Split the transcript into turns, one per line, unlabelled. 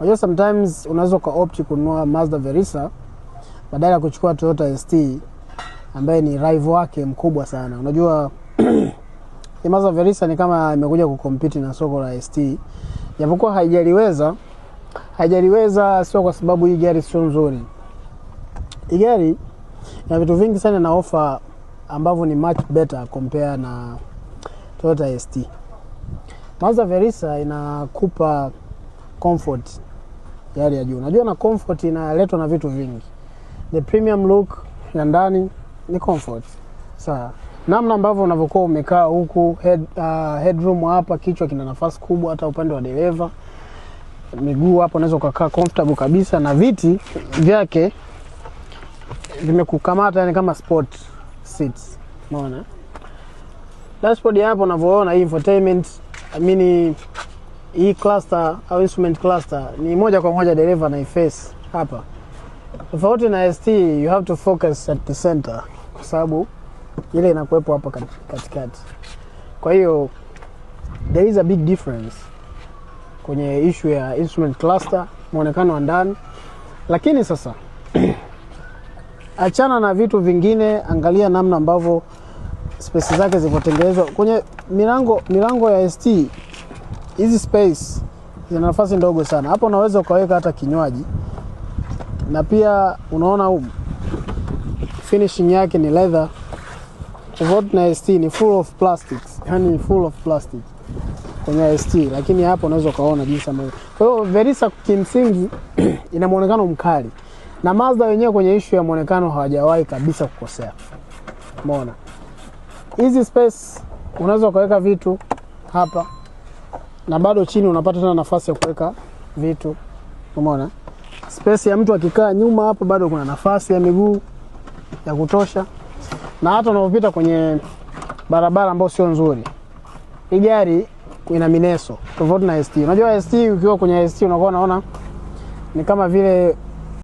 Unajua sometimes unaweza ukaopti kununua Mazda Verisa badala ya kuchukua Toyota ST ambaye ni rival wake mkubwa sana. Unajua Mazda Verisa ni kama imekuja kukompiti na soko la ST. Japokuwa haijaliweza, haijaliweza sio kwa sababu hii gari sio nzuri. Hii gari ina vitu vingi sana na ofa ambavyo ni much better compare na Toyota ST. Mazda Verisa inakupa comfort ya hali ya juu. Unajua na comfort inaletwa na vitu vingi. The premium look ya ndani ni comfort. Sawa. Namna ambavyo unavyokuwa umekaa huku head, uh, headroom hapa, kichwa kina nafasi kubwa hata upande wa dereva. Miguu hapo unaweza ukakaa comfortable kabisa na viti vyake vimekukamata yani kama sport seats. Umeona? Dashboard hapo unavyoona hii infotainment, I mean hii cluster au instrument cluster ni moja kwa moja dereva na face hapa, tofauti na ST you have to focus at the center, kwa sababu ile inakuwepo hapa katikati. Kwa hiyo there is a big difference kwenye issue ya instrument cluster, muonekano wa ndani. Lakini sasa achana na vitu vingine, angalia namna ambavyo spesi zake zilivyotengenezwa kwenye milango milango ya ST hizi space zina nafasi ndogo sana. Hapo unaweza ukaweka hata kinywaji, na pia unaona huu finishing yake ni leather tofauti na ST, ni full of plastics, yani full of plastic kwenye ST, lakini hapo unaweza ukaona jinsi ambavyo. Kwa hiyo Verisa kimsingi ina muonekano mkali na Mazda wenyewe kwenye ishu ya muonekano hawajawahi kabisa kukosea. Umeona hizi space, unaweza ukaweka vitu hapa na bado chini unapata tena nafasi ya kuweka vitu. Umeona space ya mtu akikaa nyuma hapo, bado kuna nafasi ya miguu ya kutosha, na hata unapopita kwenye barabara ambayo sio nzuri, hii gari ina mineso tofauti na ST. Unajua ST ukiwa kwenye ST unakuwa unaona ni kama vile